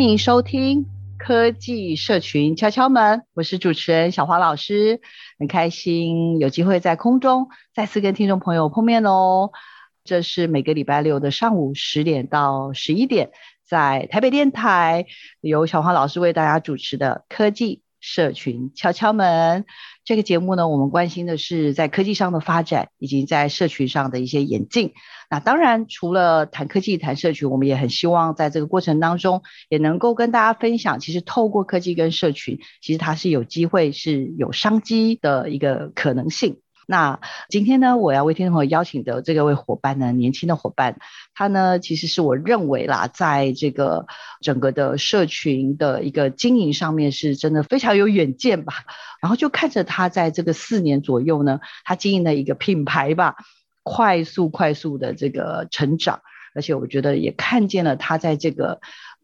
歡迎收聽科技社群敲敲門，我是主持人小黃老師，很開心有機會在空中再次跟聽眾朋友碰面哦。這是每個禮拜六的上午十點到十一點，在台北電臺由小黃老師為大家主持的科技社群敲敲門。這個節目呢，我們關心的是在科技上的發展，以及在社群上的一些演進。那當然，除了談科技、談社群，我們也很希望在這個過程當中，也能夠跟大家分享，其實透過科技跟社群，其實它是有機會是有商機的一個可能性。那今天呢，我要為聽眾朋友邀請的這個位夥伴呢，年輕的夥伴，他呢，其實是我認為啦，在這個整個的社群的一個經營上面，是真的非常有遠見吧。然後就看着他在這個四年左右呢，他經營了一個品牌吧，快速快速的這個成長，而且我覺得也看見了他在這個。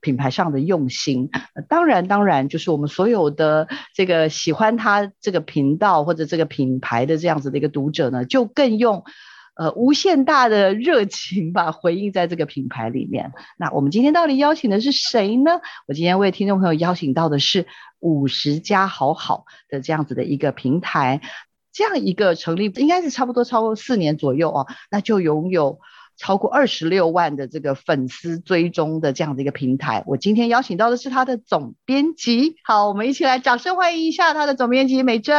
品牌上的用心，呃、當然當然，就是我們所有的這個喜歡他這個頻道或者這個品牌的這樣子的一個讀者呢，就更用呃無限大的熱情吧回應在這個品牌裡面。那我們今天到底邀請的是誰呢？我今天為聽眾朋友邀請到的是 50+ 好好的這樣子的一個平台，這樣一個成立應該是差不多超過四年左右哦，那就擁有。超過二十六萬的這個粉絲追蹤的這樣的一個平台，我今天邀請到的是他的總編輯。好，我們一起來掌聲歡迎一下他的總編輯美珍。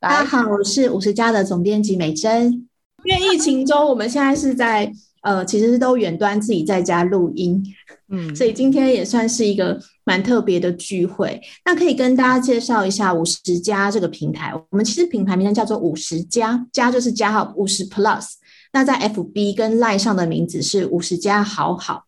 大家好，我是五十加的總編輯美珍。因為疫情中，我們現在是在呃，其實是都遠端自己在家錄音，嗯， 所以今天也算是一個蠻特別的聚會。那可以跟大家介紹一下五十加這個平台，我們其實品牌名稱叫做五十加，加就是加號五十 plus。那在 FB 跟 Line 上的名字是 50+ 好好。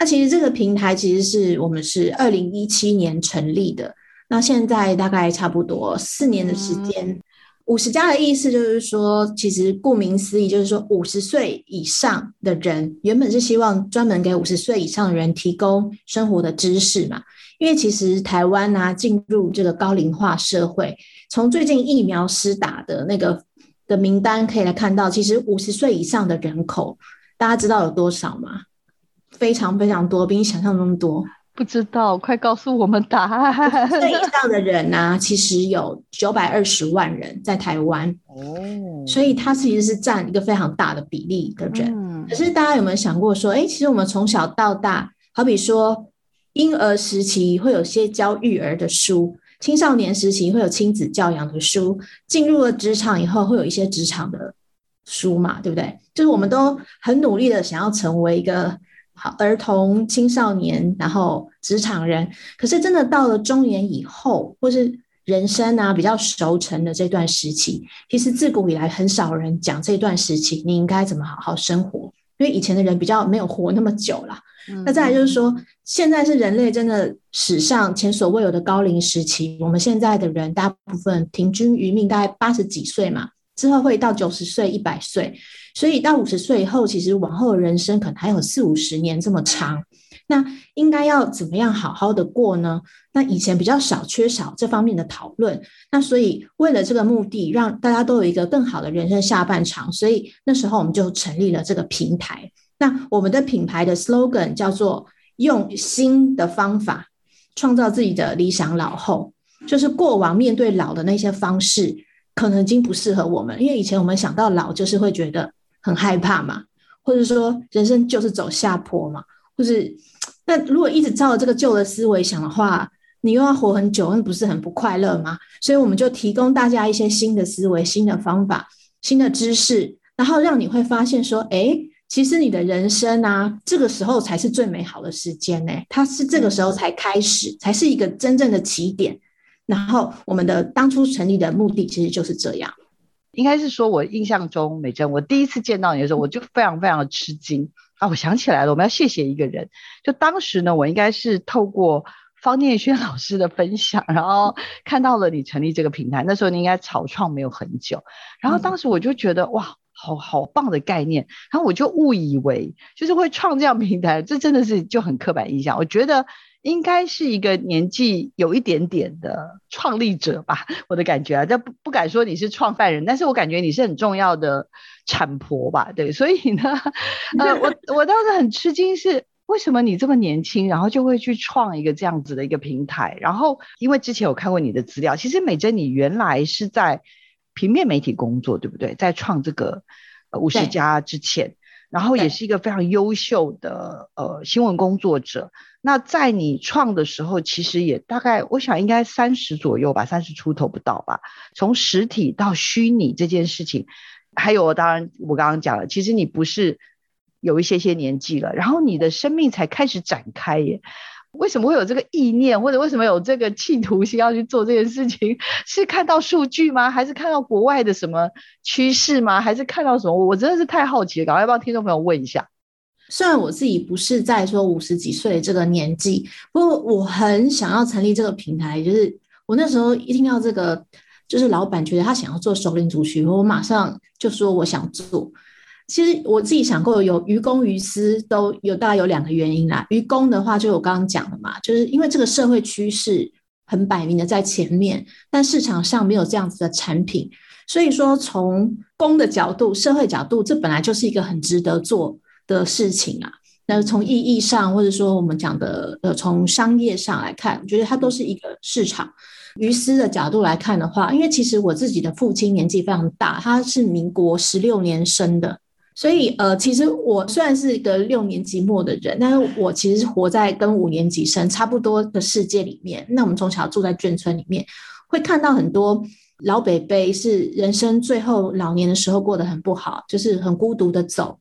那其實這個平台其實是我們是二零一七年成立的，那現在大概差不多四年的時間。50+ 的意思就是說，其實顧名思義就是說五十歲以上的人，原本，是希望專門給五十歲以上的人提供生活的知識嘛。因為其實台灣啊進入這個高齡化社會，從最近疫苗施打的那個。的名單可以來看到，其實五十歲以上的人口，大家知道有多少嗎？非常非常多，比你想象中多。不知道，快告訴我們答案。歲以上的人呢、啊，其實有九百二十萬人在台灣、嗯、所以他其實是占一個非常大的比例，的人、嗯。可是大家有沒有想過說，哎、欸，其實我們從小到大，好比說嬰兒時期，會有些教育兒的書。青少年時期會有親子教養的書，進入了職場以後會有一些職場的書嘛，對不對？就是我們都很努力的想要成為一個好兒童、青少年，然後職場人。可是真的到了中年以後，或是人生啊比較熟成的這段時期，其實自古以來很少人講這段時期你應該怎麼好好生活，因為以前的人比較沒有活那麼久了。 那再來就是說，現在是人類真的史上前所未有的高齡時期。我們現在的人大部分平均餘命大概八十幾歲嘛，之後會到九十歲、一百歲。所以到五十歲以後，其實往後的人生可能還有四五十年這麼長。那應該要怎麼樣好好的過呢？那以前比較少缺少這方面的討論。那所以為了這個目的，讓大家都有一個更好的人生下半場，所以那時候我們就成立了這個平台。那我們的品牌的 slogan 叫做“用新的方法創造自己的理想老後”，就是過往面對老的那些方式可能已經不適合我們，因為以前我們想到老就是會覺得很害怕嘛，或者說人生就是走下坡嘛，或是那如果一直照着這個舊的思維想的話，你又要活很久，那不是很不快樂嗎？所以我們就提供大家一些新的思維、新的方法、新的知識，然後讓你會發現說，哎。其實你的人生啊，這個時候才是最美好的時間呢、欸。它是這個時候才開始，才是一個真正的起點。然後，我們的當初成立的目的，其實就是這樣。應該是說，我印象中，美珍，我第一次見到你的時候，我就非常非常的吃驚、嗯、啊！我想起來了，我們要謝謝一個人。就當時呢，我應該是透過方念萱老師的分享，然後看到了你成立這個平台。那時候你應該草創沒有很久，然後當時我就覺得、嗯、哇。好好棒的概念，然後我就誤以為就是會創這樣平台，這真的是就很刻板印象。我覺得應該是一個年紀有一點點的創立者吧，我的感覺啊，這不不敢說你是創辦人，但是我感覺你是很重要的產婆吧，對。所以呢， 呃，我我倒是很吃驚是，是為什麼你這麼年輕，然後就會去創一個這樣子的一個平台？然後因為之前有看過你的資料，其實美珍，你原來是在。平面媒體工作，對不對？在創這個 50+ 之前，然後也是一個非常優秀的呃新聞工作者。那在你創的時候，其實也大概我想應該三十左右吧，三十出頭不到吧。從實體到虛擬這件事情，還有當然我剛剛講了，其實你不是有一些些年紀了，然後你的生命才開始展開耶。為什麼會有這個意念，或者為什麼有這個企圖心要去做這件事情？是看到數據嗎？還是看到國外的什麼趨勢嗎？還是看到什麼？我真的是太好奇了，趕快幫聽眾朋友問一下。雖然我自己不是在說五十幾歲這個年紀，不過我很想要成立這個平台。就是我那時候一聽到這個，就是老闆覺得他想要做熟齡族群，我馬上就說我想做。其實我自己想過，有於公於私都有大概有兩個原因啦。於公的話，就我剛剛講的嘛，就是因為這個社會趨勢很擺明的在前面，但市場上沒有這樣子的產品，所以說從公的角度、社會角度，這本來就是一個很值得做的事情啊。那從意義上，或者說我們講的呃，從商業上來看，我覺得它都是一個市場。於私的角度來看的話，因為其實我自己的父親年紀非常大，他是民國十六年生的。所以，呃，其實我雖然是一個六年級末的人，但是我其實活在跟五年級生差不多的世界裡面。那我們從小住在眷村裡面，會看到很多老北北是人生最後老年的時候過得很不好，就是很孤獨的走，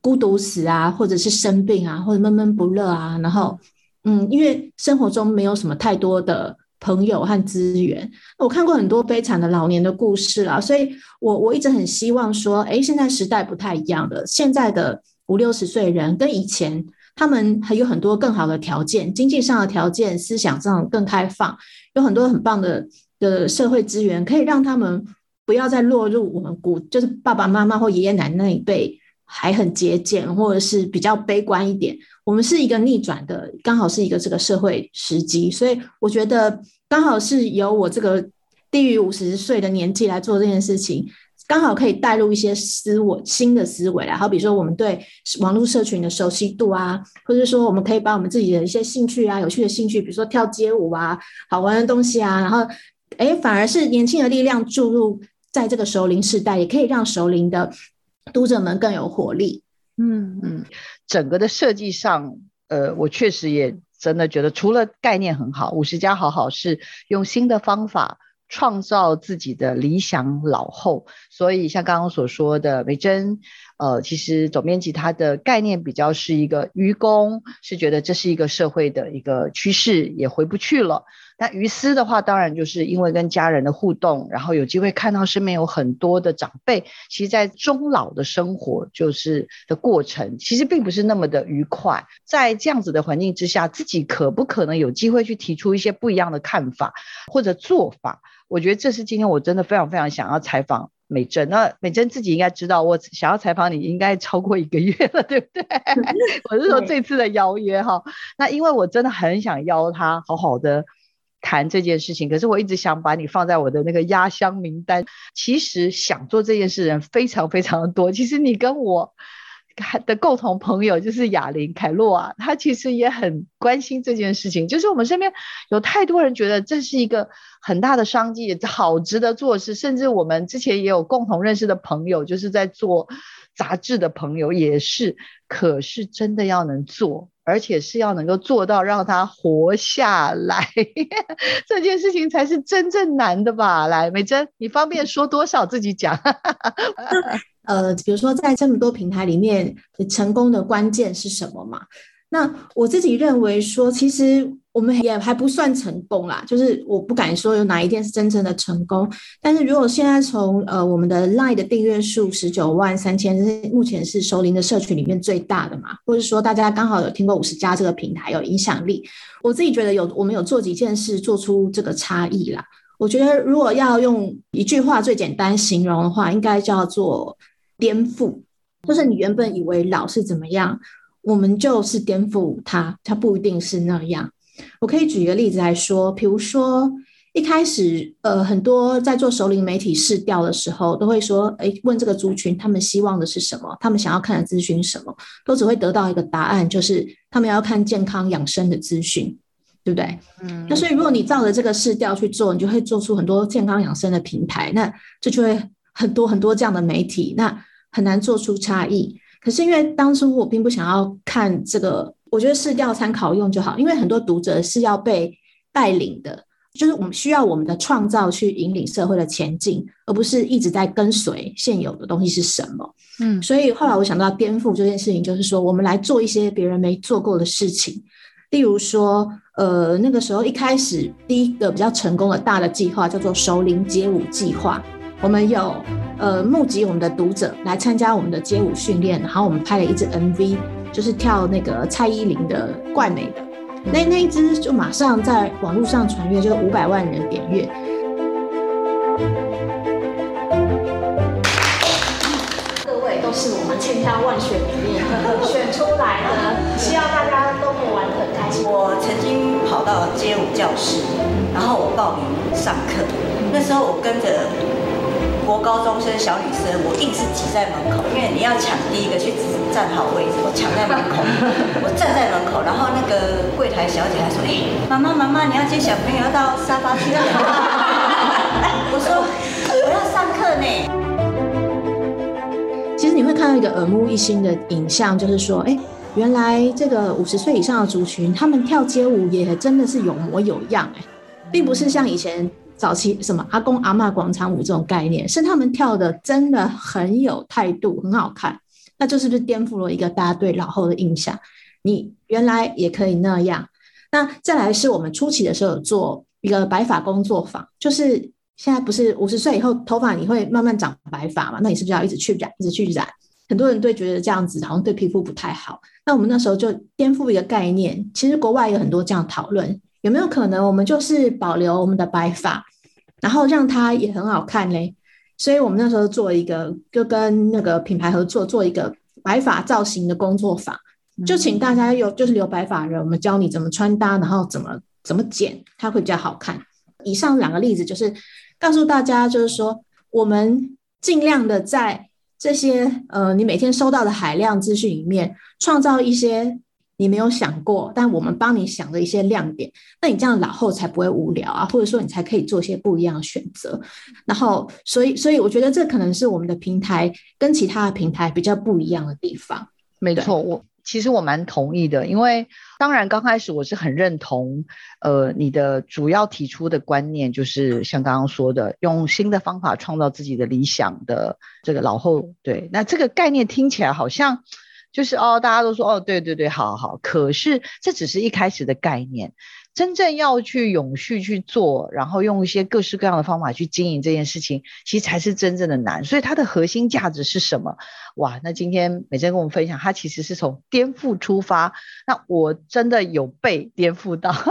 孤獨死啊，或者是生病啊，或者悶悶不樂啊。然後，嗯，因為生活中沒有什麼太多的。朋友和資源，我看過很多悲慘的老年的故事了，啊，所以我我一直很希望說，哎、欸，現在時代不太一樣了，現在的五六十歲人跟以前他們還有很多更好的條件，經濟上的條件，思想上更開放，有很多很棒的的社會資源，可以讓他們不要再落入我們古，就是爸爸媽媽或爺爺奶奶那一輩還很節儉，或者是比較悲觀一點。我們是一個逆轉的，剛好是一個這個社會時機，所以我覺得剛好是由我這個低於五十歲的年紀來做這件事情，剛好可以帶入一些思我新的思維來，好，比如說我們對網絡社群的熟悉度啊，或者說我們可以把我們自己的一些興趣啊、有趣的興趣，比如說跳街舞啊、好玩的東西啊，然後，哎、欸，反而是年輕的力量注入在這個熟齡世代，也可以讓熟齡的讀者們更有活力。嗯嗯。整個的設計上，呃，我確實也真的覺得，除了概念很好，50+ 好好是用新的方法創造自己的理想老後，所以像剛剛所說的美珍，呃，其實總編輯它的概念比較是一個愚公，是覺得這是一個社會的一個趨勢，也回不去了。那於私的話，當然就是因為跟家人的互動，然後有機會看到身邊有很多的長輩，其實在中老的生活就是的過程，其實並不是那麼的愉快。在這樣子的環境之下，自己可不可能有機會去提出一些不一樣的看法或者做法？我覺得這是今天我真的非常非常想要採訪美珍。那美珍自己應該知道，我想要採訪你應該超過一個月了，對不對？ 我是說這次的邀約哈。那因為我真的很想邀他好好的。談這件事情，可是我一直想把你放在我的那個壓箱名單。其實想做這件事的人非常非常的多。其實你跟我的共同朋友就是雅琳凱洛啊，他其實也很關心這件事情。就是我們身邊有太多人覺得這是一個很大的商機，好值得做事。甚至我們之前也有共同認識的朋友，就是在做雜誌的朋友也是。可是真的要能做。而且是要能夠做到讓他活下來， 這件事情才是真正難的吧？來，美珍，你方便說多少自己講？ 呃，比如說在這麼多平台裡面，成功的關鍵是什麼嘛？那我自己認為說，其實我們也還不算成功啦，就是我不敢說有哪一天是真正的成功。但是如果現在從呃我們的 Line 的訂閱數十九萬三千，目前是熟齡的社群裡面最大的嘛，或者說大家剛好有聽過 50+ 這個平台有影響力，我自己覺得有我們有做幾件事，做出這個差異啦。我覺得如果要用一句話最簡單形容的話，應該叫做顛覆，就是你原本以為老是怎麼樣。我們就是顛覆它，它不一定是那樣。我可以舉一個例子來說，比如說一開始，呃，很多在做熟齡媒體市調的時候，都會說，哎、欸，問這個族群他們希望的是什麼，他們想要看的資訊什麼，都只會得到一個答案，就是他們要看健康養生的資訊，對不對？嗯。那所以如果你照着這個市調去做，你就會做出很多健康養生的平台，那這就,就會很多很多這樣的媒體，那很難做出差異。可是因為當初我並不想要看這個，我覺得是要參考用就好。因為很多讀者是要被帶領的，就是我們需要我們的創造去引領社會的前進，而不是一直在跟隨現有的東西是什麼。嗯，所以後來我想到顛覆這件事情，就是說我們來做一些別人沒做過的事情，例如說，呃，那個時候一開始第一個比較成功的大的計劃叫做“熟齡街舞計劃”。我們有呃募集，我們的讀者來參加我們的街舞訓練，然後我們拍了一支 MV，就是跳那個蔡依林的《怪美的》，那，那那一支就馬上在網絡上傳閱，就是五百萬人點閱、嗯。各位都是我們千挑萬選裡面選出來的、嗯，希望大家都能玩得很開心。我曾經跑到街舞教室、嗯，然後我報名上課，那時候我跟着。國高中生、小女生，我一直擠在門口，因為你要搶第一個去站好位置。我搶在門口，我站在門口，然後那個櫃檯小姐還說：“哎、欸，媽媽，媽媽，你要接小朋友 要到沙發去嗎、啊？”好好 我說：“我要上課呢。”其實你會看到一個耳目一新的影像，就是說，哎、欸，原來這個五十歲以上的族群，他們跳街舞也真的是有模有樣，哎，並不是像以前。早期什麼阿公阿媽廣場舞這種概念，是他們跳的真的很有態度，很好看，那就是不是顛覆了一個大家對老後的印象？你原來也可以那樣。那再來是我們初期的時候有做一個白髮工作坊，就是現在不是五十歲以後頭髮你會慢慢長白髮嘛？那你是不是要一直去染，一直去染？很多人都覺得這樣子好像對皮膚不太好。那我們那時候就顛覆一個概念，其實國外有很多這樣討論。有沒有可能我們就是保留我們的白髮，然後讓它也很好看嘞？所以我們那時候做一個，就跟那個品牌合作，做一個白髮造型的工作坊。就請大家有就是留白髮的人，我們教你怎麼穿搭，然後怎麼怎麼剪，它會比較好看。以上兩個例子就是告訴大家，就是說我們盡量的在這些呃你每天收到的海量資訊裡面，創造一些。你沒有想過，但我們幫你想了一些亮點，那你這樣老後才不會無聊啊，或者說你才可以做一些不一樣的選擇。然後，所以，所以我覺得這可能是我們的平台跟其他的平台比較不一樣的地方。沒錯，我其實我蠻同意的，因為當然剛開始我是很認同，呃，你的主要提出的觀念就是像剛剛說的，用新的方法創造自己的理想的這個老後。對，那這個概念聽起來好像。就是哦，大家都說哦，對對對，好好好，可是這只是一開始的概念，真正要去永續去做，然後用一些各式各樣的方法去經營這件事情，其實才是真正的難。所以它的核心價值是什麼？哇，那今天美珍跟我們分享，她其實是從顛覆出發。那我真的有被顛覆到。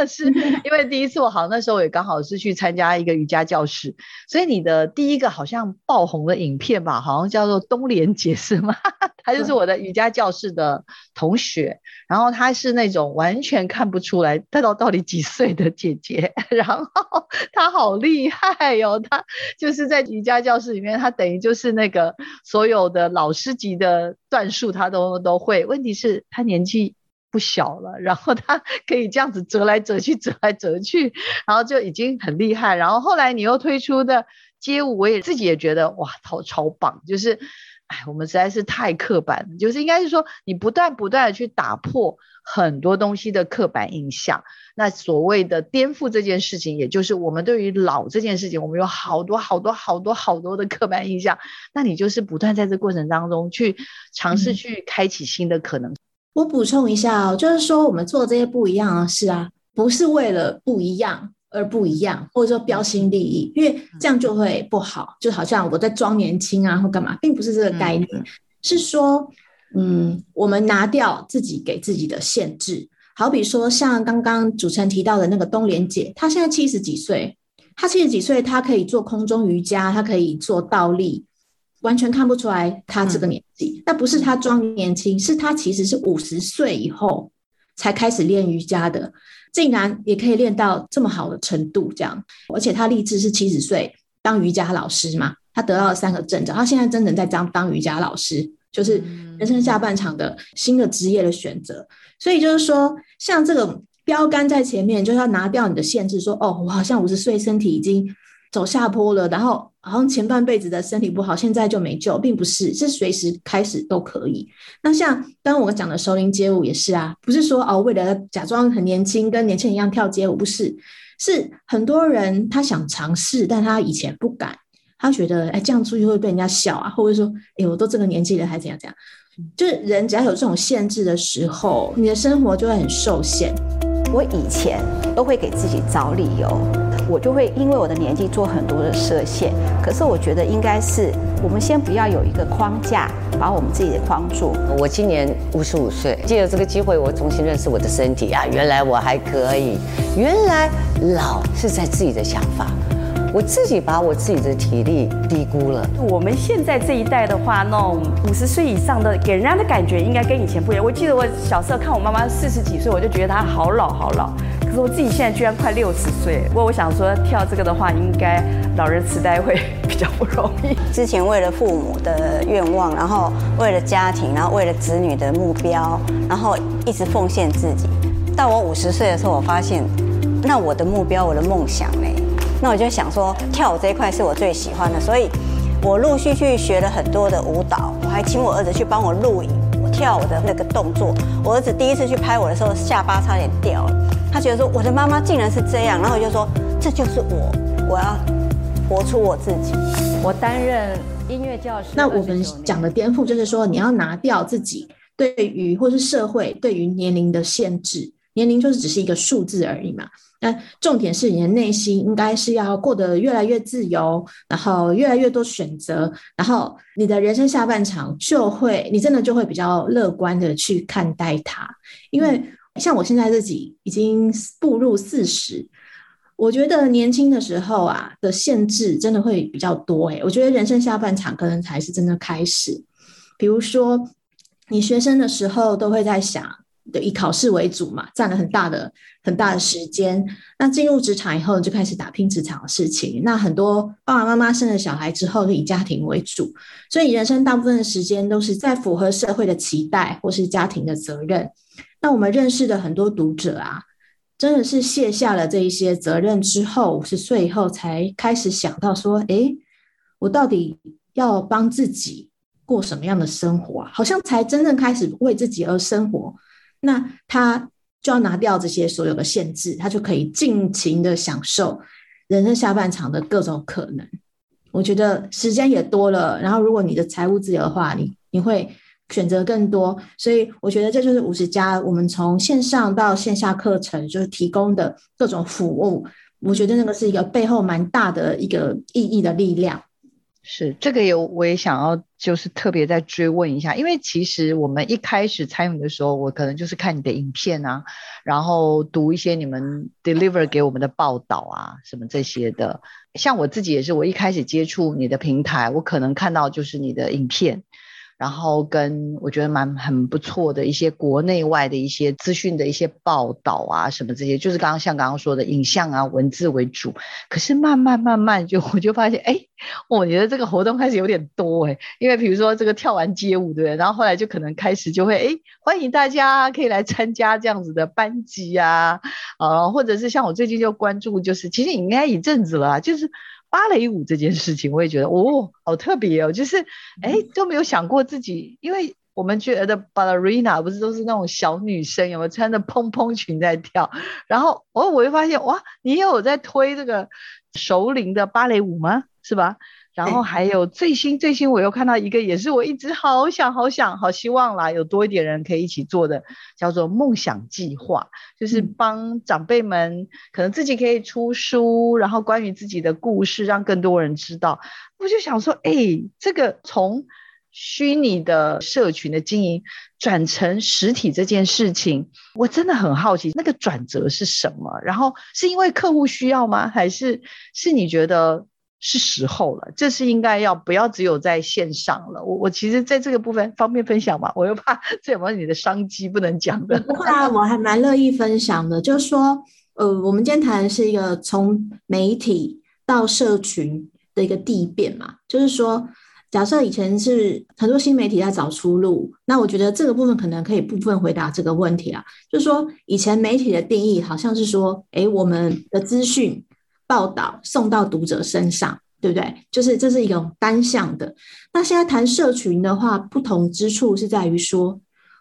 但 是因為第一次我好像那時候也剛好是去參加一個瑜伽教室，所以你的第一個好像爆紅的影片吧，好像叫做東蓮姐是嗎？ 她就是我的瑜伽教室的同學，嗯、然後她是那種完全看不出來她到底幾歲的姐姐，然後她好厲害喲、哦，她就是在瑜伽教室裡面，她等於就是那個所有的老師級的段數她都都會，問題是她年紀不小了，然後他可以這樣子折來折去，折來折去，然後就已經很厲害。然後後來你又推出的街舞，我也自己也覺得哇，好超，超棒！就是，哎，我們實在是太刻板，就是應該是說，你不斷不斷的去打破很多東西的刻板印象。那所謂的顛覆這件事情，也就是我們對於老這件事情，我們有好多好多好多好多的刻板印象。那你就是不斷在這過程當中去嘗試去開啟新的可能性。嗯我補充一下哦，就是說我們做這些不一樣的事啊，不是為了不一樣而不一樣，或者說標新立異，因為這樣就會不好，就好像我在裝年輕啊，或幹嘛，並不是這個概念，嗯、是說嗯，嗯，我們拿掉自己給自己的限制，好比說像剛剛主持人提到的那個冬蓮姐，她現在七十幾歲，她七十幾歲，她可以做空中瑜伽，她可以做倒立。完全看不出來他這個年紀，那、嗯、不是他裝年輕，是他其實是五十歲以後才開始練瑜伽的，竟然也可以練到這麼好的程度，這樣。而且他立志是七十歲當瑜伽老師嘛，他得到了三個證照，他現在真的在當當瑜伽老師，就是人生下半場的新的職業的選擇、嗯。所以就是說，像這個標桿在前面，就是要拿掉你的限制，說哦，我好像五十歲身體已經走下坡了，然後。好像前半輩子的身體不好，現在就沒救，並不是，是隨時開始都可以。那像剛剛我講的，熟齡街舞也是啊，不是說哦、啊，為了假裝很年輕，跟年輕人一樣跳街舞，不是，是很多人他想嘗試，但他以前不敢，他覺得哎、欸，這樣出去會被人家笑啊，或者說哎、欸，我都這個年紀了還怎樣怎樣，就是人只要有這種限制的時候，你的生活就會很受限。我以前都會給自己找理由。我就會因為我的年紀做很多的設限，可是我覺得應該是我們先不要有一個框架把我們自己的框住。我今年五十五歲，借着這個機會，我重新認識我的身體啊，原來我還可以，原來老是在自己的想法，我自己把我自己的體力低估了。我們現在這一代的話，那種五十歲以上的，給人家的感覺應該跟以前不一樣。我記得我小時候看我媽媽四十幾歲，我就覺得她好老好老。可是我自己現在居然快六十歲了，不過我想說跳這個的話，應該老人痴呆會比較不容易。之前為了父母的願望，然後為了家庭，然後為了子女的目標，然後一直奉獻自己。到我五十歲的時候，我發現，那我的目標，我的夢想呢？那我就想說，跳舞這一塊是我最喜歡的，所以我陸續去學了很多的舞蹈。我還請我兒子去幫我錄影，我跳舞的那個動作。我兒子第一次去拍我的時候，下巴差點掉了。他覺得說我的媽媽竟然是這樣，然後我就說，這就是我，我要活出我自己。我擔任音樂教師。那我們講的顛覆就是說，你要拿掉自己對於或是社會對於年齡的限制，年齡就是只是一個數字而已嘛。那重點是你的內心應該是要過得越來越自由，然後越來越多選擇，然後你的人生下半場就會，你真的就會比較樂觀的去看待它，因為。像我現在自己已經步入四十，我覺得年輕的時候啊的限制真的會比較多哎，欸。我覺得人生下半場可能才是真的開始。比如說，你學生的時候都會在想以考試為主嘛，佔了很大的很大的時間。那進入職場以後你就開始打拼職場的事情。那很多爸爸媽媽生了小孩之後就以，以家庭為主，所以人生大部分的時間都是在符合社會的期待或是家庭的責任。那我們認識的很多讀者啊，真的是卸下了這一些責任之後，五十歲以後才開始想到說，誒，我到底要幫自己過什麼樣的生活啊？好像才真正開始為自己而生活。那他就要拿掉這些所有的限制，他就可以盡情的享受人生下半場的各種可能。我覺得時間也多了，然後如果你的財務自由的話，你你會。選擇更多，所以我覺得這就是 50+，我們從線上到線下課程，就是提供的各種服務。我覺得那個是一個背後蠻大的一個意義的力量。是這個也，我也想要就是特別再追問一下，因為其實我們一開始參與的時候，我可能就是看你的影片啊，然後讀一些你們 deliver 給我們的報道啊，什麼這些的。像我自己也是，我一開始接觸你的平台，我可能看到就是你的影片。然後跟我覺得蠻很不錯的一些國內外的一些資訊的一些報道啊什麼這些，就是剛剛像剛剛說的影像啊文字為主。可是慢慢慢慢就我就發現，哎，我覺得這個活動開始有點多哎，因為比如說這個跳完街舞對不對？然後後來就可能開始就會哎，歡迎大家可以來參加這樣子的班級呀，啊，啊，或者是像我最近就關注，就是其實你應該一陣子了，就是。芭蕾舞這件事情，我也覺得哦，好特別哦，就是哎都沒有想過自己，因為我們覺得 The ballerina 不是都是那種小女生，有沒有穿着蓬蓬裙在跳？然後哦，我會發現哇，你也有在推這個熟齡的芭蕾舞嗎？是吧？然後還有最新最新，我又看到一個，也是我一直好想好想好希望啦，有多一點人可以一起做的，叫做夢想計劃，就是幫長輩們可能自己可以出書，然後關於自己的故事，讓更多人知道。我就想說，哎，這個從虛擬的社群的經營轉成實體這件事情，我真的很好奇，那個轉折是什麼？然後是因為客戶需要嗎？還是是你覺得？是時候了，這是應該要不要只有在線上了？我我其實在這個部分方便分享嘛，我又怕這有沒有你的商機不能講的。不會啊，我還蠻樂意分享的。 就是說，呃，我們今天談的是一個從媒體到社群的一個地變嘛。就是說，假設以前是很多新媒體在找出路，那我覺得這個部分可能可以部分回答這個問題啊。就是說，以前媒體的定義好像是說，哎，我們的資訊。報道送到讀者身上，對不對？就是這是一種單向的。那現在談社群的話，不同之處是在於說，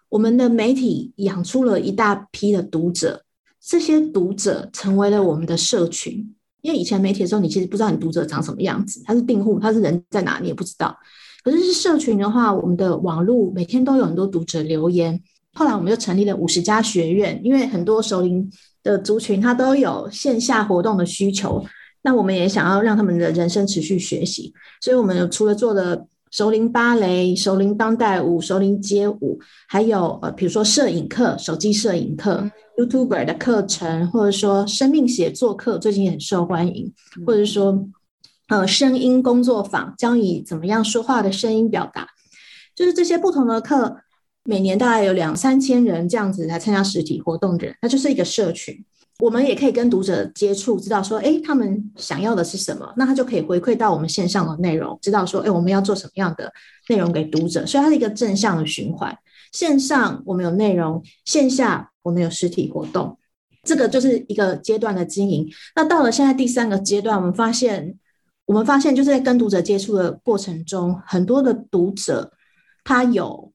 我們的媒體養出了一大批的讀者，這些讀者成為了我們的社群。因為以前媒體的時候，你其實不知道你讀者長什麼樣子，他是訂戶，他是人在哪，你也不知道。可是，是社群的話，我們的網絡每天都有很多讀者留言。後來我們就成立了 50+ 學院，因為很多時候的族群，他都有線下活動的需求，那我們也想要讓他們的人生持續學習，所以，我們除了做了熟齡芭蕾、熟齡當代舞、熟齡街舞，還有呃，比如說攝影課、手機攝影課、嗯、YouTuber 的課程，或者說生命寫作課，最近也很受歡迎，嗯、或者說呃，聲音工作坊，教你怎麼樣說話的聲音表達，就是這些不同的課。每年大概有兩三千人這樣子來參加實體活動的人，它就是一個社群。我們也可以跟讀者接觸，知道說，誒，他們想要的是什麼，那他就可以回饋到我們線上的內容，知道說，誒，我們要做什麼樣的內容給讀者。所以它是一個正向的循環。線上我們有內容，線下我們有實體活動，這個就是一個階段的經營。那到了現在第三個階段，我們發現，我們發現就是在跟讀者接觸的過程中，很多的讀者他有。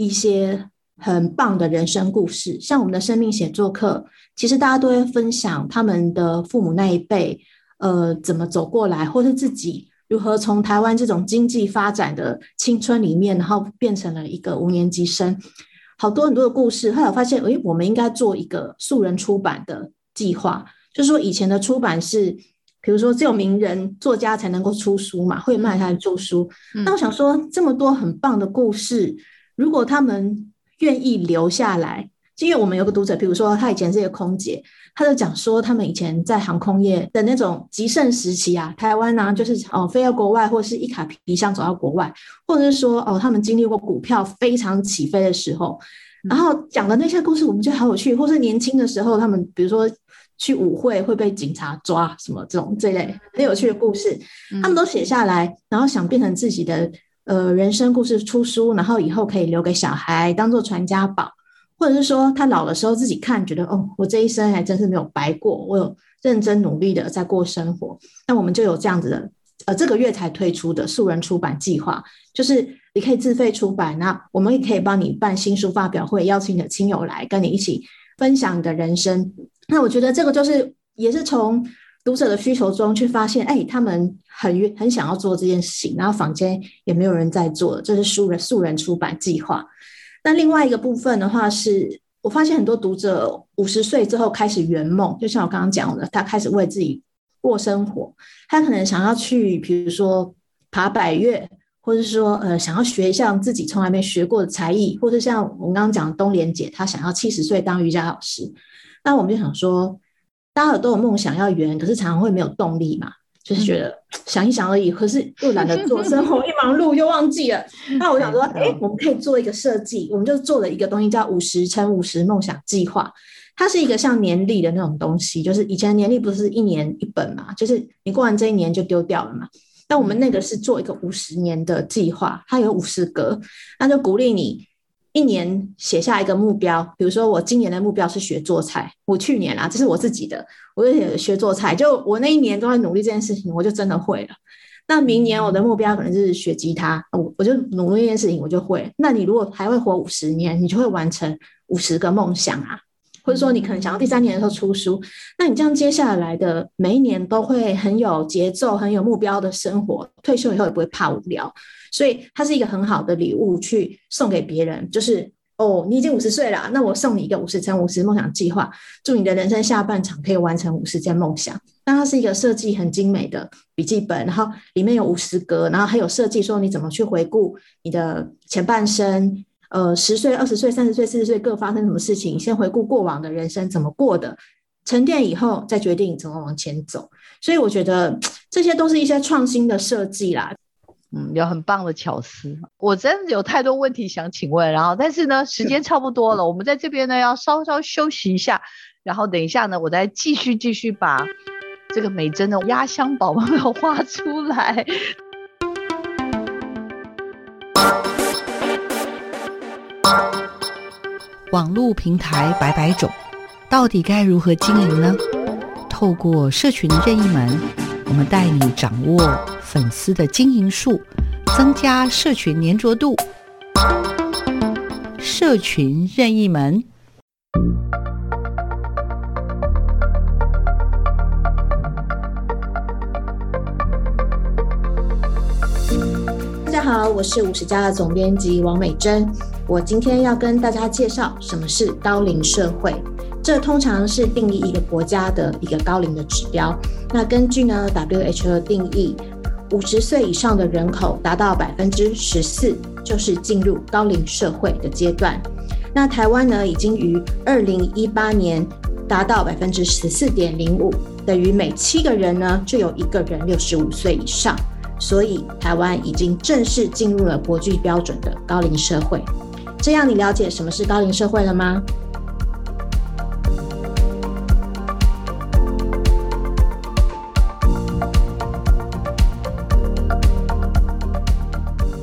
一些很棒的人生故事，像我們的生命寫作課，其實大家都會分享他們的父母那一輩，呃，怎麼走過來，或是自己如何從台灣這種經濟發展的青春裡面，然後變成了一個五年級生，好多很多的故事。後來發現，哎、欸，我們應該做一個素人出版的計劃，就是說以前的出版是，比如說只有名人作家才能夠出書嘛，會賣他的書，嗯。那我想說，這麼多很棒的故事。如果他們願意留下來，就因為我們有個讀者，比如說他以前是一個空姐，他就講說他們以前在航空業的那種極盛時期啊，台灣啊，就是哦飛到國外，或者是一卡皮箱走到國外，或者是說哦他們經歷過股票非常起飛的時候，然後講的那些故事我們就好有趣，或是年輕的時候他們比如說去舞會會被警察抓什麼這種這類很有趣的故事，他們都寫下來，嗯，然後想變成自己的。呃，人生故事出書，然後以後可以留給小孩當做傳家寶，或者是說他老的時候自己看，覺得哦，我這一生還真是沒有白過，我有認真努力的在過生活。那我們就有這樣子的，呃，這個月才推出的素人出版計劃，就是你可以自費出版，那我們也可以幫你辦新書發表會，邀請你的親友來跟你一起分享你的人生。那我覺得這個就是也是從。讀者的需求中，卻發現，哎，他們很願很想要做這件事情，然後坊間也沒有人在做，這是素人素人出版計劃。那另外一個部分的話是，是我發現很多讀者五十歲之後開始圓夢，就像我剛剛講的，他開始為自己過生活，他可能想要去，比如說爬百岳，或者是說，呃，想要學一項自己從來沒學過的才藝，或者像我們剛剛講的東蓮姐，她想要七十歲當瑜伽老師，那我們就想說。大家都有夢想要圓，可是常常會沒有動力嘛，就是覺得、嗯、想一想而已，可是又懶得做，生活 一忙碌又忘記了。那我想說，哎、欸，我們可以做一個設計，我們就做了一個東西叫五十乘五十夢想計劃，它是一個像年曆的那種東西，就是以前年曆不是一年一本嘛，就是你過完這一年就丟掉了嘛。但我們那個是做一個五十年的計劃，它有五十格，那就鼓勵你。一年寫下一個目標，比如說我今年的目標是學做菜。我去年啊，這是我自己的，我就學做菜。就我那一年都在努力這件事情，我就真的會了。那明年我的目標可能就是學吉他，我我就努力這件事情，我就會。那你如果還會活五十年，你就會完成五十個夢想啊，或者說你可能想要第三年的時候出書。那你這樣接下來的每一年都會很有節奏、很有目標的生活，退休以後也不會怕無聊。所以它是一個很好的禮物去送給別人，就是哦，你已經五十歲了，那我送你一個五十乘五十夢想計劃，祝你的人生下半場可以完成五十件夢想。那它是一個設計很精美的筆記本，然後裡面有五十格，然後還有設計說你怎麼去回顧你的前半生，呃，十歲、二十歲、三十歲、四十歲各發生什麼事情，先回顧過往的人生怎麼過的，沉澱以後再決定你怎麼往前走。所以我覺得這些都是一些創新的設計啦。嗯，有很棒的巧思，我真的有太多問題想請問，然後但是呢，時間差不多了，我們在這邊呢要稍稍休息一下，然後等一下呢，我再繼續繼續把這個美珍的壓箱寶寶們要畫出來。網絡平台百百種，到底該如何經營呢？透過社群任意門。我們帶你掌握粉絲的經營術，增加社群粘着度，社群任意門。大家好，我是 50+ 的總編輯王美珍，我今天要跟大家介紹什麼是高齡社會。這通常是定義一個國家的一個高齡的指標。那根據呢 WHO 的定義，五十歲以上的人口達到百分之十四，就是進入高齡社會的階段。那台灣呢，已經於二零一八年達到百分之十四點零五，等於每七個人呢就有一個人六十五歲以上，所以台灣已經正式進入了國際標準的高齡社會。這樣，你了解什麼是高齡社會了嗎？